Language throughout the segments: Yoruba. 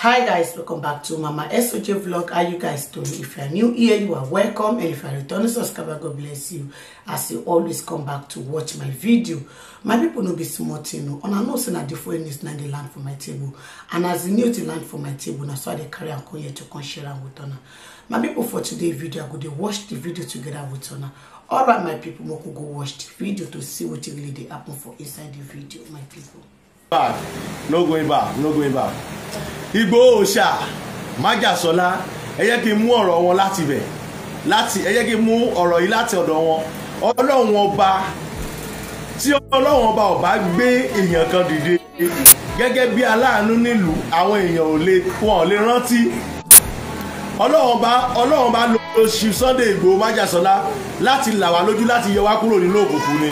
hi guys welcome back to mama soj vlog how you guys doing if you are new here you are welcome and if you are returning subscriber god bless you as you always come back to watch my video my people no be small thing and una know saying na the foreign news na dey land for my table and as the news dey land for my table na so they carry and come here to come share and with una my people for today's video i go to watch the video together with una all right my people we go watch the video to see what really they happen for inside the video my people back no going back no going back Ìgbòho ṣá májàsọlá ẹ jẹ́ kí n mú ọ̀rọ̀ wọn láti bẹ̀ láti ẹ jẹ́ kí n mú ọ̀rọ̀ yìí láti ọ̀dọ̀ wọn ọlọ́run ọba tí ọlọ́run ọba ọba gbé èèyàn kan dìde gẹ́gẹ́ bí aláàánú nílùú àwọn èèyàn ò lè wọn ò lè rántí ọlọ́run ọba ọlọ́run ọba ló ṣe Sunday Ìgbòho májàsọlá láti là wá lójú láti yọ wá kúrò nínú òkùnkùn ni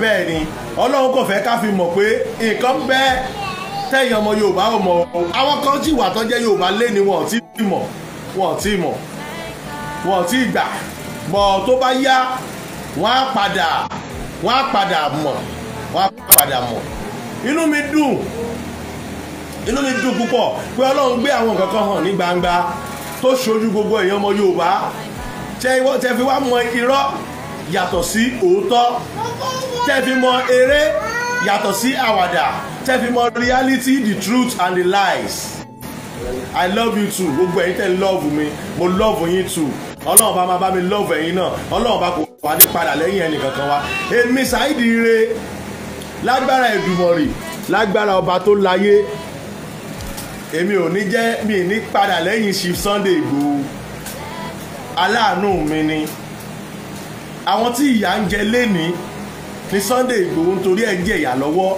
bẹ́ẹ̀ ni ọlọ́run kò fẹ́ ká fi mọ̀ pé nǹkan bẹ́ tẹ̀yìn ọmọ yorùbá ò mọ̀ àwọn kan sì wà tó jẹ́ yorùbá lé ni wọn ò tí ì mọ̀ wọn ò tí ì mọ̀ wọn ò tí ì gbà bọ̀ tó bá yá wọn á padà wọn á padà mọ̀ wọn á padà mọ̀ inú mi dùn inú mi dùn púpọ̀ pé ọlọ́run gbé àwọn nǹkan kan hàn ní gbangba tó ṣojú gbogbo èèyàn ọmọ yorùbá tẹ fi wá mọ irọ́ yàtọ̀ sí òótọ́ tẹ́fi mọ eré yàtọ̀ sí àwàdà tẹ́fi mọ reality the truth and the lies. I love you too gbogbo ẹ̀yin tẹ́ love mi mo love yín too ọlọ́run bá máa bá mi love ẹ̀yin náà ọlọ́run bá kò wá ní padà lẹ́yìn ẹnì kankan wa èmi ṣáìdì ire lágbára Èdùmàrè lágbára ọba tó láyé èmi ò ní jẹ́ mi ní padà lẹ́yìn Chief Sunday Igboho aláàánú mi ni àwọn tí ìyà ń jẹ lénìí ni Sunday Ìgbòho nítorí ẹ̀ ń jẹ ìyà lọ́wọ́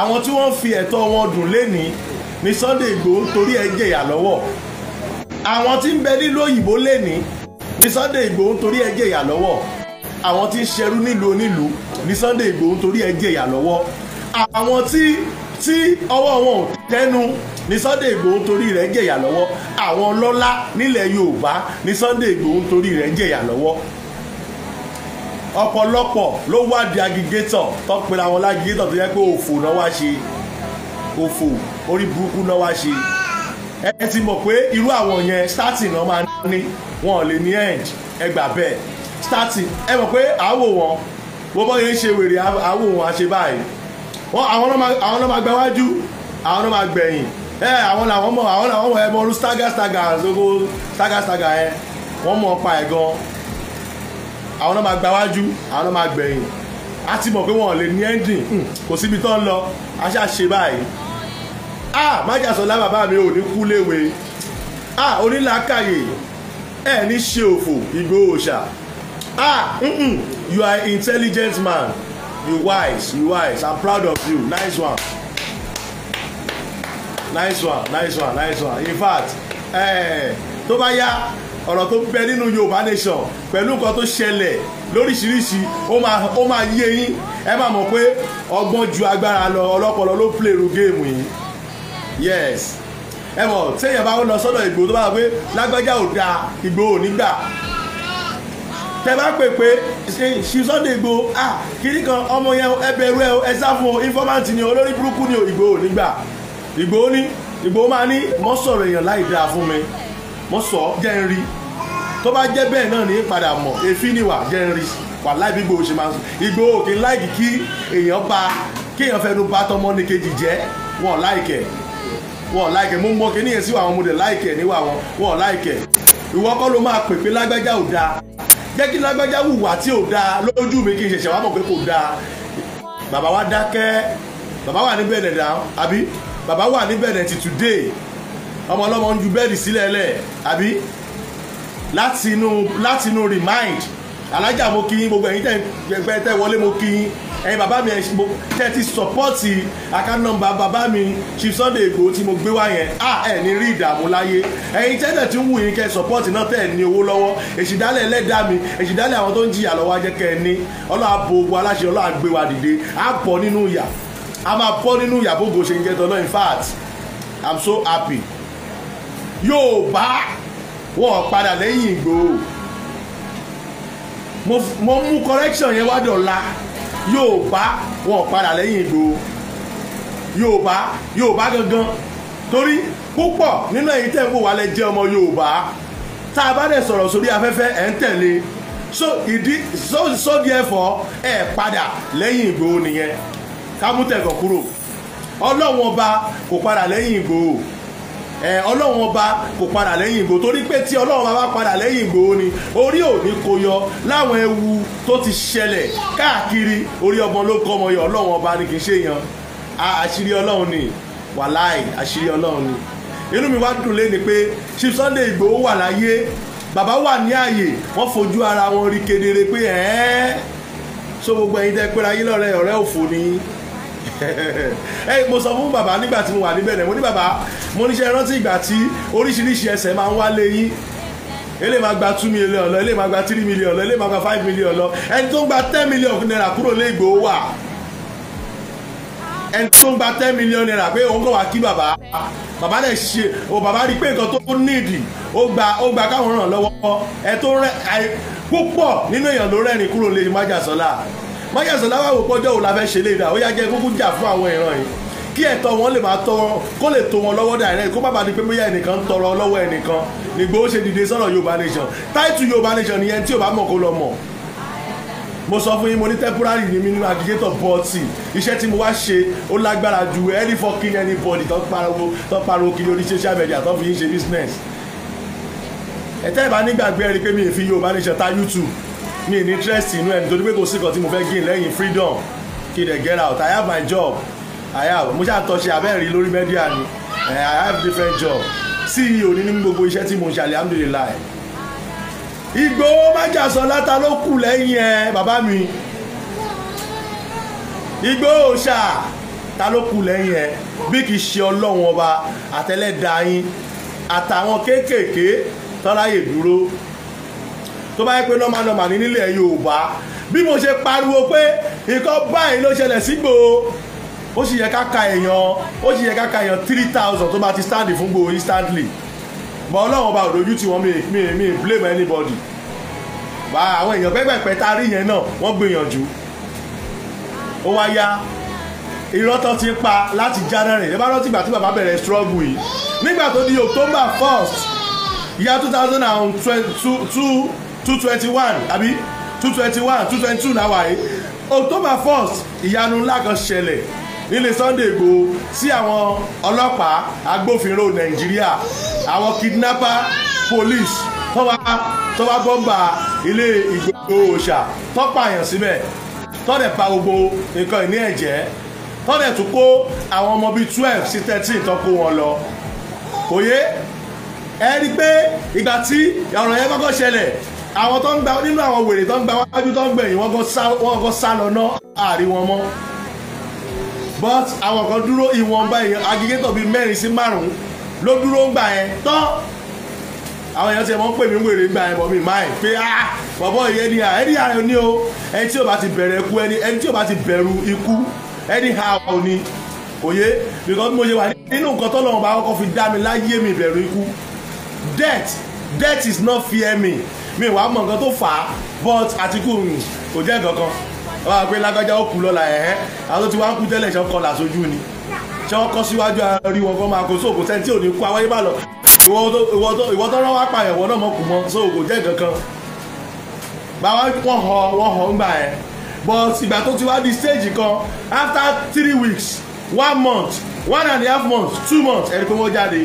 àwọn tí wọ́n fi ẹ̀tọ́ wọn dùn lénìí ni Sunday Ìgbòho nítorí ẹ̀ ń jẹ ìyà lọ́wọ́ àwọn tí ń bẹ nílùú òyìnbó lénìí ni Sunday Ìgbòho nítorí ẹ̀ ń jẹ ìyà lọ́wọ́ àwọn tí ń ṣerú nílùú onílùú ni Sunday Ìgbòho nítorí ẹ̀ ń jẹ ìyà lọ́wọ́ àwọn tí tí ọwọ́ wọn ò tẹnu ní Sunday Igboho torí rẹ̀ jẹ̀yà lọ́wọ́ àwọn ọlọ́lá nílẹ̀ Yorùbá ní Sunday Igboho torí rẹ̀ jẹ̀yà lọ́wọ́ ọ̀pọ̀lọpọ̀ ló wá di agigator tó pera wọn lágigator tó yẹ pé òfò náà wá ṣe òfò orí burúkú náà wá ṣe ẹ ti mọ̀ pé irú àwọn yẹn starting náà máa ní wọn ò lè ní end ẹ bẹ́ẹ̀ starting ẹ mọ̀ pé àwò wọn wọ́n bọ́ yẹn ṣe wèrè àwò wọn àṣẹ báyìí wọn àwọn náà máa gbẹ wájú àwọn náà máa gbẹ̀yìn ẹ àwọn làwọn mọ̀ àwọn làwọn mọ̀ ẹ mọ̀ ọdún stagger stagger àti ogo stagger stagger ẹ wọ́n mọ̀ ọ́ pa ẹ̀ gan-an àwọn náà máa gba wájú àwọn náà máa gbẹ̀yìn a ti mọ̀ pé wọ́n lè ní ending hmm, kò síbi tó ń lọ a ṣáà ṣe báyìí ah májàsọlá bàbá mi ò ní kú léwe ah onílàákàyè ẹ ní ṣe òfò Ìgbòho Òòṣà ah you are intelligent man you wise you wise i'm proud of you nice one nice one nice one nice one in fact eh, tó bá yá ọ̀rọ̀ tó bẹ nínú Yorùbá nation pẹ̀lú nǹkan tó ṣẹlẹ̀ lóríṣiríṣi ó máa yé yín ẹ máa mọ̀ pé ọgbọ́n ju agbára lọ ọlọ́pọlọ ló play ru géèmù yìí yes ẹ mọ̀ sẹ́yìn bá lọ sọ́dọ̀ Ìgbòho tó bá pé lágbájá ò dáa Ìgbòho ò ní gbà tẹ bá pè pé ṣì Sunday Igboho ah kiri kan ọmọ yẹn ẹ ẹ ẹ sá fún o ni olórí burúkú ni o Ìgbòho nígbà Ìgbòho ní Ìgbòho máa ní mọ́ èèyàn láì dáa fún mi mo sọ jẹ́ ń rí tó bá jẹ́ bẹ́ẹ̀ náà ní padà mọ̀ èéfín ni wà jẹ́ ń rí wà láì bí gbòòṣe máa ń sùn Ìgbòho kì í láìkì kí èèyàn ba kí èèyàn fẹnu ba tọmọ ní kejì jẹ́ wọn láìkẹ̀ wọn láìkẹ̀ mo ń mọ kíní yẹn sí àwọn ọmọdé láìkẹ̀ níwà wọn wọn láìkẹ̀ ìwọ kọ́ ló máa pè pé lágbájá ò dáa jẹ́ kí lágbájá hùwà tí ò dáa lójú mi kí n ṣẹ̀ṣẹ̀ wá mọ̀ pé kò dáa bàbá wa dákẹ́ bàbá wà níbẹ̀ dẹ̀dà àbí bàbá wà níbẹ̀ dẹ̀ ti today ọmọ ọlọ́mọ ń ju bẹ́ẹ̀dì sílẹ̀ lẹ̀ àbí láti inú láti inú remind alájà mo kí yín gbogbo ẹ̀yin tẹ́ tẹ́ wọlé mo kí yín ẹ̀yin bàbá mi tẹ́ ti sọ́pọ́ọ̀tì account number bàbá mi Chief Sunday Igboho tí mo gbé wá yẹn à ẹ̀ ní rí ìdààmú láyé ẹ̀yin tẹ́tẹ̀ tí ń wù yín kẹ́ sọ́pọ́ọ̀tì náà tẹ́ ẹ̀ ní owó lọ́wọ́ èsìdálẹ̀ ẹlẹ́dà mi èsìdálẹ̀ àwọn tó ń jìyà lọ́wọ́ ajẹ́ kẹ́ ẹ ní Ọlọ́run bo ogun aláṣẹ Ọlọ́run gbé wa dìde á bọ́ nínú ìyà á máa bọ́ nínú ìyà bógo ṣe ń jẹ́ tọ́lọ́ in fact I'm so happy Yorùbá wọn padà lẹ́yìn Ìgbòho mo mú correction yẹn wá dọ̀la Yorùbá wọn padà lẹ́yìn Ìgbòho Yorùbá Yorùbá gangan torí púpọ̀ nínú èyí tẹ̀ ń wò wá lẹ jẹ́ ọmọ Yorùbá tá a bá dẹ̀ sọ̀rọ̀ sórí afẹ́fẹ́ ẹ̀ ń tẹ̀lé so ìdí so so therefore ẹ̀ padà lẹ́yìn Ìgbòho nìyẹn ká mú tẹ̀gàn kúrò ọlọ́wọ́n ọba kò padà lẹ́yìn Ìgbòho ọlọ́run ọba kò padà lẹ́yìn ìgbò torí pé tí ọlọ́run ọba padà lẹ́yìn ìgbò ni orí òní kò yọ láwọn ewu tó ti ṣẹlẹ̀ káàkiri orí ọmọ ló kọ́ ọmọ yọ ọlọ́run ọba ni kì í ṣe yan àṣírí ọlọ́run ni wàláì àṣírí ọlọ́run ni inú mi wá dùn lé ni pé Chief Sunday Igboho wà láyé bàbá wà ní àyè wọ́n fojú ara wọn rí kedere pé ẹ̀ẹ́ so gbogbo ẹ̀yin tẹ́ pé ayé lọ́rẹ́ ọ̀rẹ́ òfò ni ẹ mo sọ fún bàbá nígbà tí mo wà níbẹ̀ rẹ̀ mo ní bàbá mo níṣẹ́ rántí ìgbà tí oríṣiríṣi ẹsẹ̀ máa ń wá léyìn ele máa gba two million lọ ele máa gba three million lọ ele máa gba five million lọ ẹni tó ń gba ten million naira kúrò lé Ìgbòho wà ẹni tó ń gba ten million naira pé òun kò wá kí bàbá bàbá lè ṣe o bàbá rí pé nǹkan tó níìdì ó gba ó gba káwọn ràn lọ́wọ́ ẹ tó rẹ púpọ̀ nínú èèyàn ló rẹ́rìn kúrò lé Májàsọ́lá májèsán láwọn àwòkọ́ ọjọ́ òun la fẹ́ ṣe lé dà ó yá jẹ́ kúkú jà fún àwọn ìran yìí kí ẹ̀tọ́ wọn lè máa tọ́ wọn kó lè tó wọn lọ́wọ́ direct kó má bàa di pé bóyá ẹnìkan ń tọrọ lọ́wọ́ ẹnìkan nígbà ó ṣe dìde sọ̀rọ̀ Yorùbá nation táìtù Yorùbá nation nìyẹn tí ò bá mọ̀ kó lọ mọ̀ mo sọ fún yín mo ní temporary ni mi nínú aggregator bọ́ọ̀tì iṣẹ́ tí mo wá ṣe ó lágbára ju any fucking anybody tó pariwo tó pariwo kiri orí social media tó fi yín ṣe business ẹ̀tẹ́ ìbá nígbàgbé ẹ̀rí pé mi ì fi Yorùbá nation ta YouTube Me ní interest inú ẹ̀ nítorí pé kò sí nǹkan tí mo fẹ́ gain lẹ́yìn freedom kí dẹ̀ get out I have my job I have mo ṣàtọ̀ṣe abẹ́rẹ́ lórí media ni eh, I have different job CEO ní ní gbogbo iṣẹ́ tí mo ń ṣe alhamdulillah Ìgbòho Májàsọ́lá ta ló kù lẹ́yìn ẹ bàbá mi Ìgbòho ṣá ta ló kù lẹ́yìn ẹ bí kì í ṣe ọlọ́run ọba àtẹlẹ́dàá àtàwọn kéékèèké tọ́láyè dúró tó bá yẹ pé normal normal ní nílẹ̀ Yorùbá bí mo ṣe pariwo pé nǹkan báyìí ló ṣẹlẹ̀ sígbòho ó sì yẹ ká ka èèyàn ó sì yẹ ká ka èèyàn three thousand tó bá ti stand fún gbòho instantly but ọlọ́run ọba òdojú tí wọ́n mi mi mi blame anybody bá àwọn èèyàn pẹ́pẹ́pẹ́ tá a rí yẹn náà wọ́n gbìyànjú ó wá yá irọ́ tán ti ń pa láti January ẹ bá rántí ìgbà tí bàbá bẹ̀rẹ̀ struggle yìí nígbà tó di October first year two thousand and two two twenty one Abi. two twenty one two twenty two náà wáyé october first ìyanu ńlá kan ṣẹlẹ̀ nílé Sunday Igboho sí àwọn ọlọ́pàá agbófinró nàìjíríà àwọn kidnapper police tọ́wá tọ́wá bọ́mbà ilé Ìgbòho òòṣà tọ́pààyàn síbẹ̀ tọ́dẹ̀ pa gbogbo nǹkan ìní ẹ̀jẹ̀ tọ́dẹ̀ tún kó àwọn ọmọ bíi twelve sí thirteen tó kó wọn lọ kò yé ẹ rí i pé ìgbà tí ọ̀rọ̀ yẹn kọ́kọ́ ṣẹlẹ̀ àwọn tó ń gba nínú àwọn wèrè tó ń gba wájú tó ń gbẹ̀yìn wọ́n kọ́ sá lọ ná àárín wọn mọ́ but àwọn kan dúró ìwọ̀nba èèyàn aggregator bíi mẹ́rin sí márùn-ún ló dúró ń gbà yẹn tán àwọn èèyàn ti mọ̀ ń pè mí wèrè gbà yẹn bọ̀ mí máa ẹ̀ pé ah bọ̀bọ̀ ìyẹn ni ẹni ààrẹ ni o ẹni tí ò bá ti bẹ̀rẹ̀ ikú ẹni ẹni tí ò bá ti bẹ̀rù ikú ẹni ha ò ní òye because bí mo ṣe wà nínú nǹkan tó lọ́wọ́ bá kọ́kọ́ fi dá mi láyé mi bẹ̀rù ikú death death is not fear me mi wàá mọ̀ nǹkan tó fà á but Àtíkù kò jẹ́ nǹkan kan wọ́n á gbé lágbájá ó kú lọ́la ẹ̀hẹ́ àwọn tí wọ́n á kú tẹ́lẹ̀ ṣe ọkọ̀ làṣojú ni ṣe ọkọ̀ síwájú àárí wọn kọ́ máa kó sóòkò sẹ́ni tí ò ní kú àwọn ibà lọ ìwọ tó rán wá pààyàn wọ́n náà mọ̀ kù mọ́ sóòkò jẹ́ nǹkan kan báwa wọ́n họ wọ́n họ ń gbà ẹ̀ but ìgbà tó ti wá di stage kan after three weeks one month one and a half months two months ẹni pé wọ́n jáde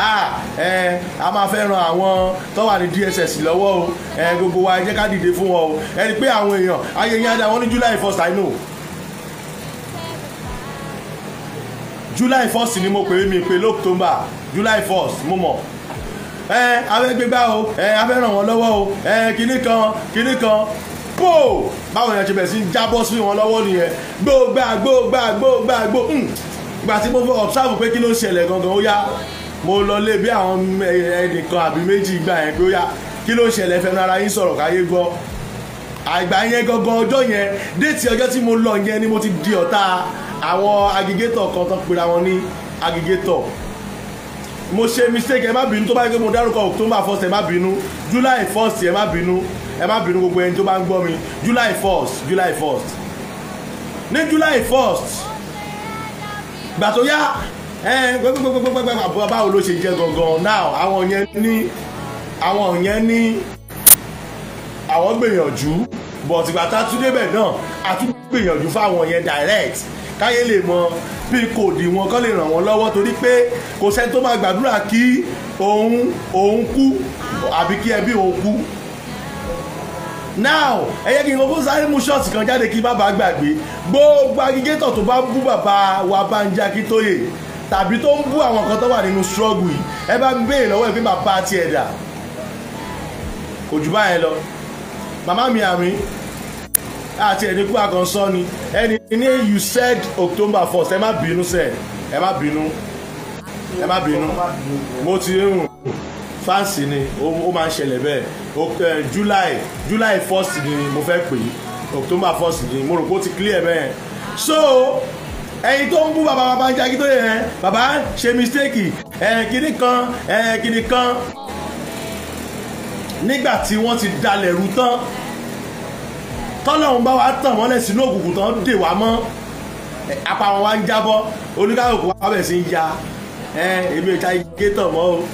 Ah, eh, a máa fẹ́ ran àwọn tó wà ní DSS lọ́wọ́ o eh, gbogbo wa ẹ jẹ́ ká dìde fún wọn o ẹ rí i pé àwọn èèyàn ayé yín á dá wọn ní July first I know July first ni mo pè é mi pè l'October July first mo mọ̀ ẹ eh, abẹ́gbẹ́gbá o ẹ abẹ́ràn wọn lọ́wọ́ o ẹ kinní kan kinní kan pò báwo ni a ti bẹ̀rẹ̀ sí jábọ́ sí wọn lọ́wọ́ nìyẹn gbóògbà gbóògbà gbóògbà gbó hmm. ìgbà tí mo fọ ọ̀tráàbù pé kí ló ń ṣẹlẹ̀ gangan ó yá mo lọ lé bí àwọn ẹnìkan àbí méjì gbà yẹn pé ó yá kí ló ṣẹlẹ̀ fẹnu ara yín sọ̀rọ̀ káyé gbọ́ àgbà yẹn gangan ọjọ́ yẹn déètì ọjọ́ tí mo lọ yẹn ni mo ti di ọ̀tá àwọn aggregator kan tó pera wọn ní aggregator mo ṣe mistake ẹ má bínú tó bá yẹ kí mo dárúkọ october first ẹ má bínú july first ẹ má bínú ẹ má bínú gbogbo ẹni tó bá ń gbọ́ mi july first july first ní july first gbà tó gbẹgbẹgbẹgbẹgbẹ àbúrò báwo ló ṣe jẹ gangan now àwọn yẹn ní àwọn yẹn ní àwọn gbìyànjú but ìgbà tá a tún débẹ̀ náà a tún gbìyànjú fáwọn yẹn direct káyé lè mọ bí kò dì wọn kọ́ lè ràn wọ́n lọ́wọ́ torí pé kò sẹ́ni tó máa gbàdúrà kí òun òun kú àbí kí ẹbí òun kú. now ẹ yẹ kí n kókó sáré mú ṣọ́ọ̀tì kan jáde kí bàbá gbàgbé gbogbo agigétọ̀ tó bá bú bàbá wa Bánjí Akíntóyè tàbí tó ń bú àwọn kan tó wà nínú struggle yìí ẹ bá ń béèrè lọ́wọ́ ẹ pé bàbá àti ẹ̀dà kò jù báyẹn lọ màmá mi àmì àti ẹni kú àkànṣọ́ ni ẹni ní you said October first ẹ má bínú sẹ ẹ má bínú ẹ má bínú mo ti rún fáǹsì ni ó máa ń ṣẹlẹ̀ bẹ́ẹ̀ eh, July July first ni mo fẹ́ pè October first ni mo rò pé ó ti clear bẹ́ẹ̀ so ẹyin tó ń bú bàbá Babanja Akíntóyè yẹn bàbá ṣe mistake ẹ̀ kìnnì kan ẹ̀ kìnnì kan nígbà tí wọ́n ti dalẹ̀ rú tán tọ́lọ́run bá wa tàn mọ́lẹ̀ sínú òkùnkùn tán dè wá mọ́ apá wọn wá ń jábọ́ oníkàwọ́kù wa bẹ̀ sí ń ya èmi ìta igé tàn mọ́ o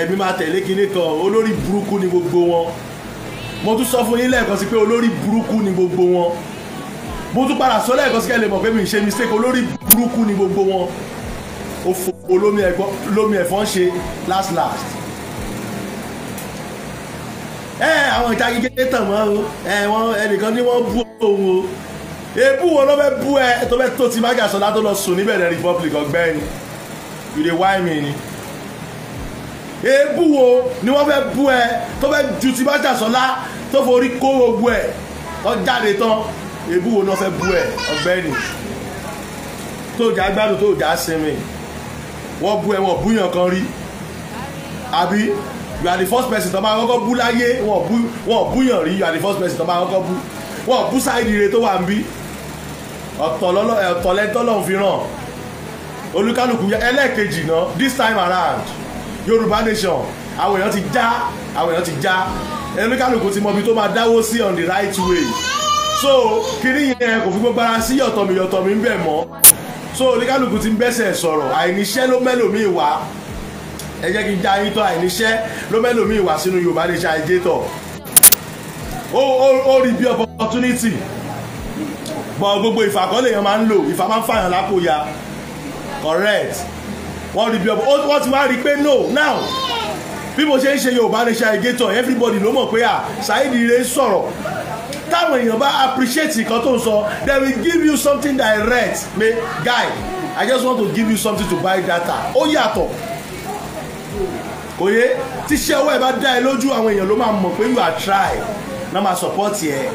èmi máa tẹ̀lé kinní kan olórí burúkú ni gbogbo wọn mo tún sọ fún yín lẹ́ẹ̀kan sí pé olórí burúkú ni gbogbo wọn mo tún padà sọ lẹ́ẹ̀kan sí kẹ́lẹ́ mọ̀ pé mi ṣe mistake olórí burúkú ni gbogbo wọn òfò olómi ẹ̀fọn ṣe last last ẹ àwọn ìta gígé tàn wọ́n o ẹ wọn ẹnìkan ní wọ́n bú òun o ebú wo ló fẹ́ bú ẹ tó fẹ́ tó ti má gàṣọ látó lọ sùn níbẹ̀rẹ̀ republic ọgbẹ́ni you dey why me ni èébú wo ni wọ́n fẹ́ bú ẹ tó fẹ́ ju ti bá ṣàṣọlá tó forí kó gbogbo ẹ̀ tó jáde tán èébú wo ni wọ́n fẹ́ bú ẹ̀ ọ̀gbẹ́ni tó jà gbádùn tó jà sinmi wọ́n bú ẹ wọ́n bú yàn kan rí àbí you are the first person tó bá kọ́kọ́ bú láyé wọ́n bú yàn rí you are the first person tó bá kọ́kọ́ bú wọ́n bú sáìdì rẹ tó wà ń bí ọ̀tọ̀lẹ́tọ́lọ́hún fi ràn olúkálùkù ẹlẹ́ẹ̀kejì náà this time around yorùbá nation àwọn èèyàn ti já àwọn èèyàn ti já olúkálùkù ti mọ ibi tó máa dáwó sí on the right way so kiri yẹn kò fi gbogbo ara sí yọ̀tọ̀mí yọ̀tọ̀mí ń bẹ̀ mọ́ so oníkálukú ti ń bẹ́sẹ̀ sọ̀rọ̀ àìníṣẹ́ ló mẹ́lòmíì wá ẹ jẹ́ kí n já yín tọ́ àìníṣẹ́ ló mẹ́lòmíì wá sínú Yorùbá lè ṣe àìjẹ́ tọ̀ ó rí bí opportunity bọ̀ gbogbo ìfàkọ́lé yẹn máa ń lò ìfà máa ń fàyàn lápò ya correct wọ́n rí bí wọ́n ti wá rí pé no now bí mo ṣe ń ṣe Yorùbá lè ṣe àìjẹ́ tọ̀ everybody ló mọ̀ pé à Saheed Ire sọ̀rọ̀ táwọn èèyàn bá appreciate nǹkan tó ń sọ they will give you something direct Me guy i just want to give you something to buy data ó yàtọ̀ òye tíṣẹ́ ọwọ́ ẹ bá dá ẹ lójú àwọn èèyàn ló máa mọ̀ pé you are try náà máa support ẹ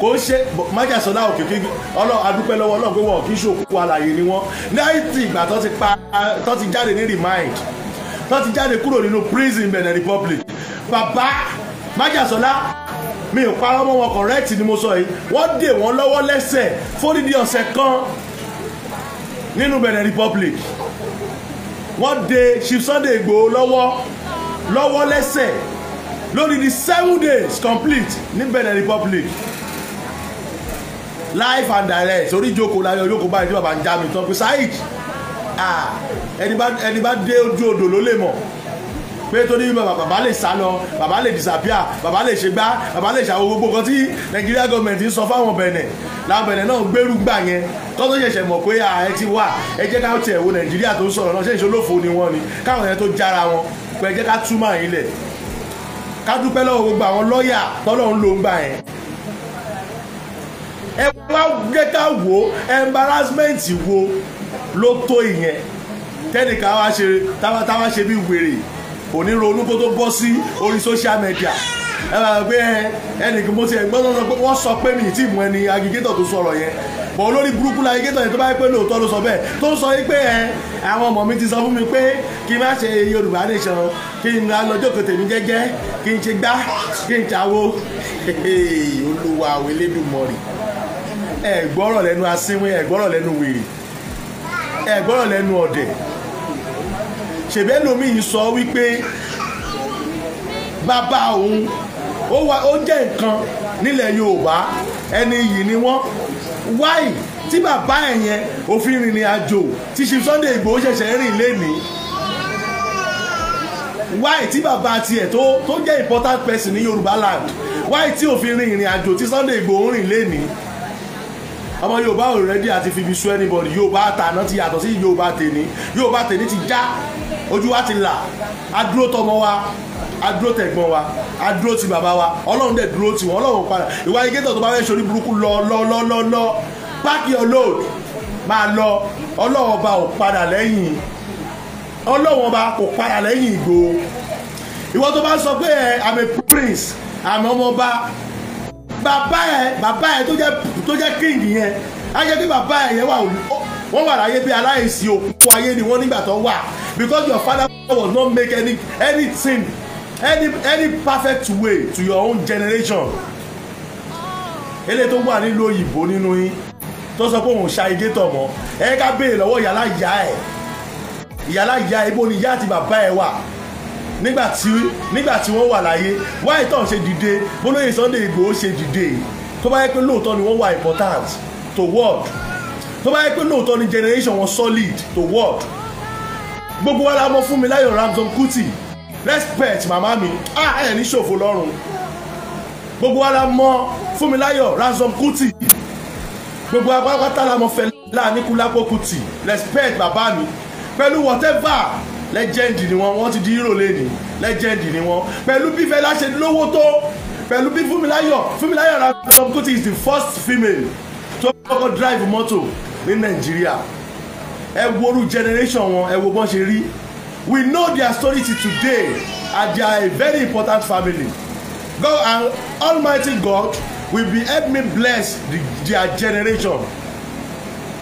kò ń ṣe májà sọdá òkè kí ọlọ adúpẹ́ lọ́wọ́ ọlọ́ọ̀ pé wọ́n kì í ṣòkú alàyè ni wọ́n láìsí ìgbà tó ti pa tó ti jáde ní remind tó ti jáde kúrò nínú prison Benin Republic bàbá májà sọdá mi ò parọ́ mọ́ wọn correct ni mo sọ yìí wọ́n dè wọ́n lọ́wọ́ lẹ́sẹ̀ fódìdí ọ̀sẹ̀ kan nínú Benin Republic wọ́n dè Chief Sunday Igboho lọ́wọ́ lọ́wọ́ lẹ́sẹ̀ lórí di seven days complete ní Benin Republic Life and direct orí ìjókòó láyé ojókòó báyìí tí bàbá ń já mi tán pé Saheed ah, ẹni bá dé ojú odò ló lè mọ̀ pé torí bàbá lè sá lọ bàbá lè disappear bàbá lè ṣe gbá bàbá lè ṣàwọn gbogbo nǹkan tí Nàìjíríà gọọmenti ń sọ fáwọn Bẹ̀nẹ̀ làwọn Bẹ̀nẹ̀ náà gbẹ́rù gbà yẹn tọ́tọ́ ṣẹ̀ṣẹ̀ mọ̀ pé ẹ ti wà ẹ jẹ́ ká tiẹ̀ wo Nàìjíríà tó ń sọ̀rọ̀ náà ṣe ìṣolófo ni wọ́n ni káwọn yẹn tó jára wọn pé ẹ jẹ́ ká túmọ̀ yín lẹ̀ ká dúpẹ́ lọ́wọ́ gbogbo àwọn ṣe táwa ṣe bí wèrè onírònú kó tó bọ́ sí orí social media ẹ bá gbé ẹnìkan mo ti ẹ̀gbọ́n náà pé wọ́n sọ pé mi ti mú ẹni agigator tó sọ̀rọ̀ yẹn bọ̀ olórí burúkú la agigator yẹn tó bá yẹ pé lóòótọ́ ló sọ bẹ́ẹ̀ tó sọ yìí pé ẹ àwọn ọmọ mi ti sọ fún mi pé kí n má ṣe Yorùbá nation kí n ra lọ́jọ́ kò tèmi jẹ́jẹ́ kí n ṣe gbá kí n ṣàwo olúwa àwọn elédùnmọ̀rì ẹ gbọ́rọ̀ lẹ́nu asínwín ẹ gbọ́rọ̀ lẹ́nu wèrè ẹ gbọ́rọ̀ lẹ́nu ọ̀dẹ̀ ṣèbẹ́ lomiin sọ wípé bàbá òun ó jẹ́ nǹkan nílẹ̀ Yorùbá ẹni yìí ni wọ́n wáì tí bàbá ẹ̀ yẹn òfin rìnrìn àjò tí ṣe Sunday Ìgbòho ṣẹ̀ṣẹ̀ rìn lénìí wáì tí bàbá tiẹ̀ tó jẹ́ important person ní Yorùbá land wáì tí òfin rìn ìrìn àjò tí Sunday Ìgbòho rìn lénìí ọmọ yorùbá ò rẹ́dí àti fi ibi sú anybody yorùbá àtàná ti yàtọ̀ sí yorùbá tèní yorùbá tèní ti já ojú wa ti là á dúró tọmọ wa á dúró tẹ̀gbọ́n wa á dúró ti bàbá wa ọlọ́run dẹ̀ dúró tiwọn ọlọ́run padà ìwà igétọ̀ tó bá fẹ́ ṣorí burúkú lọ lọ lọ lọ lọ páàkì ọlọ́ọ̀d máa lọ ọlọ́run ọba ò padà lẹ́yìn ọlọ́run ọba kò padà lẹ́yìn Ìgbòho ìwọ tó bá sọ pé ẹ eh, I'm a prince àmọ́ ọmọ ọba bàbá ẹ bàbá ẹ tó jẹ́ tó jẹ́ king yẹn á jẹ́ pé bàbá ẹ yẹn wà wọ́n wà láyé bí aláìsí òkú ayé ni wọ́n nígbà tó wà because your father was not make any anything any any perfect way to your own generation eléyìí tó wà nílùú òyìnbó nínú yín tó sọ pé òun ṣa igé tọ̀ mọ́ ẹ ká béèrè lọ́wọ́ ìyálà ìyá ẹ̀ ìyálà ìyá ẹ̀ ibo ni ìyá àti bàbá ẹ̀ wà nígbà tí nígbà tí wọ́n wà láyé wáyé tó ń ṣe dìde bólóyè Sunday Igboho ṣe dìde tó bá yẹ pé lóòótọ́ ni wọ́n wà important to world tó bá yẹ pé lóòótọ́ ni generation wọn solid to world gbogbo wa la mọ̀ Fúnmiláyọ̀ Ramson Kuti respect màmá mi ah ẹ̀ ní ṣòfò lọ́rùn gbogbo wa la mọ̀ Fúnmiláyọ̀ Ramson Kuti gbogbo wa pátápátá la mọ̀ Fẹlá Aníkúlápó Kuti respect bàbá mi pẹ̀lú whatever legend ni wọ́n wọ́n ti di hero lẹ́ni legend ni wọ́n pẹ̀lú bí Fẹlá ṣe lówó tó pẹ̀lú bí Fúnmiláyọ̀ Fúnmiláyọ̀ Ransome Kuti is the first female tó kọ́kọ́ drive moto ní Nàìjíríà ẹ wo generation wọn ẹ wo bọ́n ṣe rí we know their story till today and they are a very important family God and uh, Almighty God will be help me bless the, their generation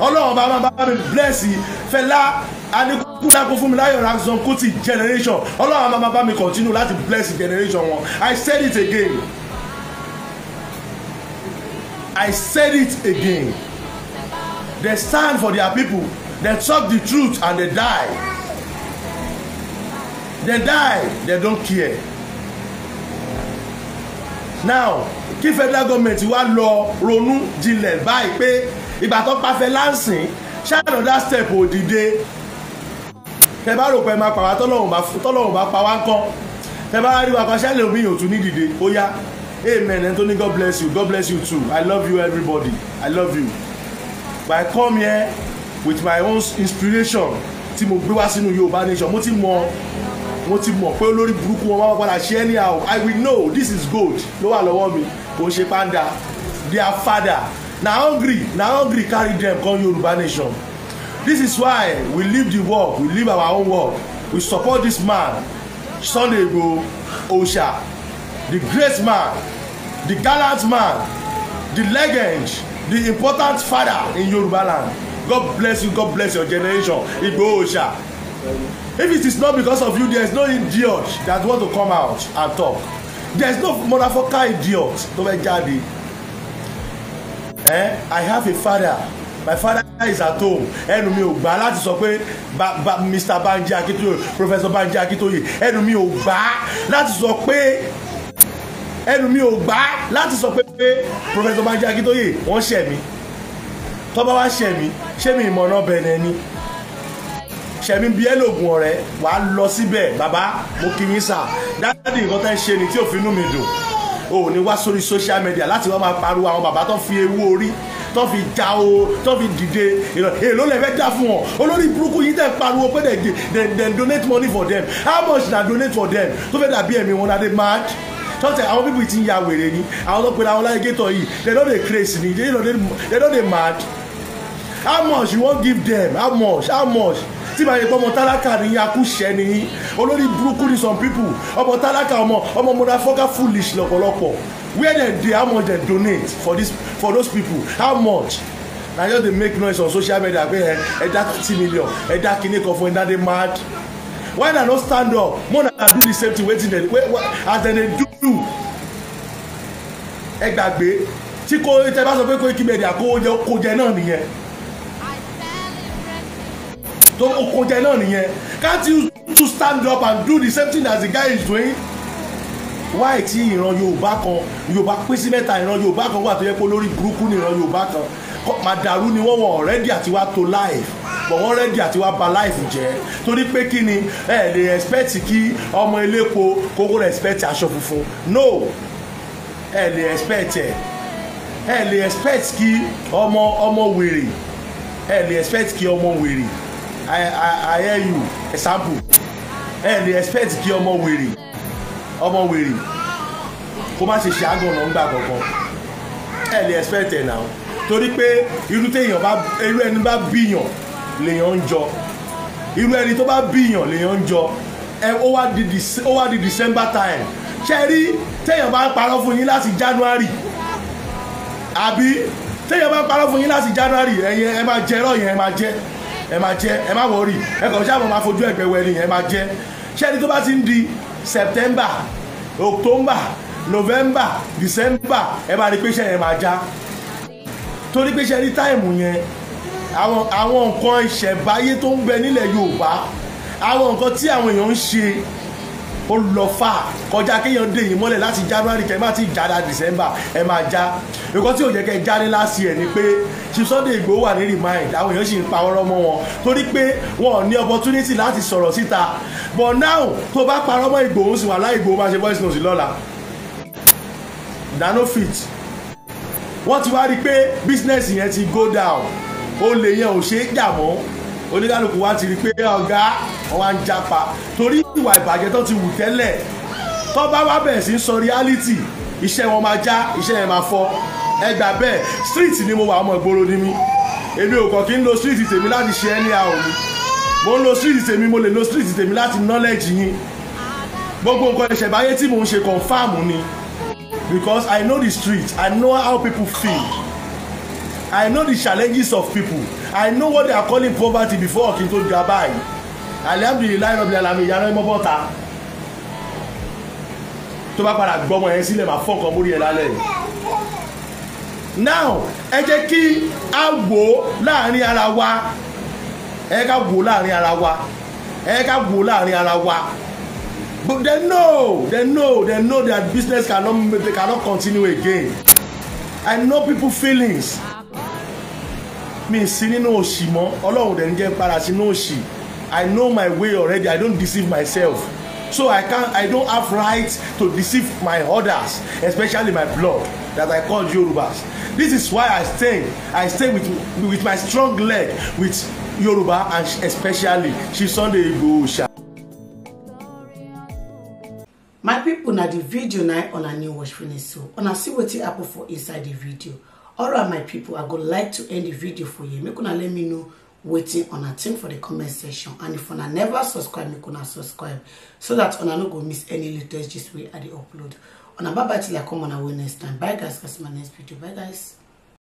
ọlọ́run bá máa bá mi bless Fẹlá aniku sako funmilayo Ransome Kuti generation ọlọ́run máa bá mi continue láti bless generation wọn i said it again i said it again they stand for their people they talk the truth and they die they die they don't care now kí federal government wá lọ ronú jinlẹ̀ báyìí pé ìgbà tó pa fẹ́ láǹsìn ṣáà another step òdìdé tẹ bá rò pé máa pàwá tọ́lọ́run bá pa wá ń kọ́ tẹ bá rí wa kan ṣẹlẹ̀ omi yòó tún ní dìde ó yá amen ẹni tó ní god bless you god bless you too i love you everybody i love you but i come here with my own inspiration tí mo gbé wá sínú yorùbá nation mo ti mọ mo ti mọ pé olórí burúkú wọn wá padà ṣe anyhow i will know this is gold ló wà lọ́wọ́ mi kò ṣe panda their father na hungry na hungry carry them come yorùbá nation this is why we leave the work we leave our own work we support this man sunday igboho osha the great man the gallant man the legend the important father in yoruba land god bless you god bless your generation igboho osha if it is not because of you there is no idiot that want to come out and talk there is no motherfucker idiot to fẹ́ jáde eh i have a father my father is at home ẹnu mi ò gbà láti sọ pé mr banji akitoye professor banji akitoye ẹnu mi ò gbà láti sọ pé ẹnu mi ò gbà láti sọ pé professor banji akitoye wọ́n ṣẹ̀ mí tọ́ba wá ṣẹ̀ mí ṣé mi ìmọ̀ náà bẹ̀rẹ̀ ni ṣẹ̀mí bíi ẹlòògùn ọ̀rẹ́ wàá lọ síbẹ̀ bàbá mo kí yín sà dáàdì nǹkan tẹ́ ń ṣe ni tí òfin inú mi dùn o ò ní wá sórí social media láti wá máa pariwo àwọn bàbá tó fi ewu orí tó fi ja o tó fi dìde èló lè fẹ́ dá fún ọ olórí burúkú yìí tẹ̀ pariwo pé dem donate money for them how much na donate for them tó fẹ́ dàbí ẹ̀mí wọn na dey mad tọ́tẹ̀ àwọn people ti ń ya wèrè ni àwọn tó pe àwọn alligator yìí they don dey craze ni they don dey mad how much you wan give them how much how much tí bá yẹ pé ọmọ tálákà ní akúṣẹ nìyí olórí burúkú ni some people ọmọ tálákà ọmọ ọmọ mọdàfọ́ká foolish lọ́pọ̀lọpọ̀ where dem dey how much dem donate for this for those people how much na just dey make noise on social media pay ẹ eh, ẹdá eh, million ẹdá eh, kini kan fún ẹdá dey mad why una no stand up more na do the same thing wetin dem wey as dem dey do ẹ gbàgbé tí kò tẹ bá sọ pé kò kí mẹ́ẹ̀dì kò jẹ náà nìyẹn tó kò jẹ náà nìyẹn can't you to stand up and do the same thing as the guy is doing wáì tí ìran yorùbá kan yorùbá pín sí mẹ́ta ìran yorùbá kan wà tó yẹ kó lórí burúkú ni ìran yorùbá kan màdàrú ni wọ́n wọ̀ rẹ́dí àti wá to life but wọ́n rẹ́dí àti wá ba life jẹ́ torí pé kí ni ẹ lè respect kí ọmọ elépo kókó respect aṣọ funfun no ẹ lè respect ẹ ẹ lè expect kí ọmọ ọmọ wèrè ẹ lè expect kí ọmọ wèrè i i i hear you example ẹ lè expect kí ọmọ wèrè ọmọ wèrè kó má ṣe ṣe àgànà ńgbà kankan ẹ lè expect ẹ̀ náà torí pé irú téèyàn bá irú ẹni bá bíyàn lèèyàn ń jọ irú ẹni tó bá bíyàn lèèyàn ń jọ ẹ ó wá di December time ṣe rí téèyàn bá ń parọ́ fún yín láti January àbí téèyàn bá ń parọ́ fún yín láti January ẹ̀yẹ ẹ máa jẹ ẹ̀rọ yẹn ẹ máa jẹ ẹ máa jẹ ẹ má wọrí ẹ kàn ṣáà máa fojú ẹ̀gbẹ́ wẹ̀ ni ẹ máa jẹ ṣé ẹni tó bá ti ń di september october november december ẹ máa rí pé iṣẹ́ yẹn máa já torí pé iṣẹ́ rí táìmù yẹn àwọn àwọn nǹkan ìṣẹ̀báyé tó ń bẹ nílẹ̀ yorùbá àwọn nǹkan tí àwọn èèyàn ń ṣe ó lọ fà kọjá kéèyàn dé yìí mọ́lẹ̀ láti january kẹ́ ẹ má ti já da december ẹ máa já nǹkan tí ò yẹ kẹ́ ẹ já ní last year ni pé Chief Sunday Igboho wà ní remind àwọn èèyàn sì ń pa ọ̀rọ̀ mọ́ wọn torí pé wọn ò ní opportunity láti sọ̀rọ̀ síta but now tó bá parọ́ mọ́ Igboho sì wà láì Igboho máa ṣe voice note lọ́la dano fit wọ́n ti wá rí i pé business yẹn ti go down ó lè yẹn ò ṣe é jà mọ́ oníkálukú wa ti rí pé ọ̀gá wọn ń japa torí ìwà ìbàjẹ́ tó ti wù tẹ́lẹ̀ tó bá wá bẹ̀rẹ̀ sí sọ reality iṣẹ́ wọn máa já iṣẹ́ yẹn máa fọ́ ẹ gbà bẹ́ẹ̀ street ni mo wà ọmọ ìgboro ni mí èmi ò kàn kí n lo street tèmi láti ṣe ẹni àwọn mi mo ń lo street tèmi mo lè lo street tèmi láti knowledge yín gbogbo nǹkan ìṣẹ̀báyé tí mò ń ṣe confam ni because I know the street I know how people feel I know the challenges of people I know what they are calling poverty before kí n tó ju abá yìí alihamdulilayi rọbìlẹ alami ìyá rẹ mọ́bọ́ ta tó bá padà gbọmọ yẹn sílẹ̀ máa fọ́ nǹkan mórí ẹ̀ lálẹ́ yìí now ẹ jẹ́ kí a wò láàrin ara wa ẹ ká wò láàrin ara wa ẹ ká wò láàrin ara wa but they know they know they know their business cannot cannot continue again I know people feelings mi sí nínú òṣì mọ́ ọlọ́run dẹ̀ ń jẹ́ para sínú òṣì i know my way already i don't deceive myself so i can i don't have right to deceive my others especially my blood that i call yorubas this is why i stay i stay with with my strong leg with yoruba and especially she sunday igboho ṣá. my pipo na di video na una new watch finish so una see wetin happen for inside di video alright my people i would like to end the video for you make una let me know Waiting on a thing for the comment section and if una never subscribe make una subscribe so that una no go miss any latest Just wey at the upload una bye bye till i come on our next time bye guys that's my next video bye guys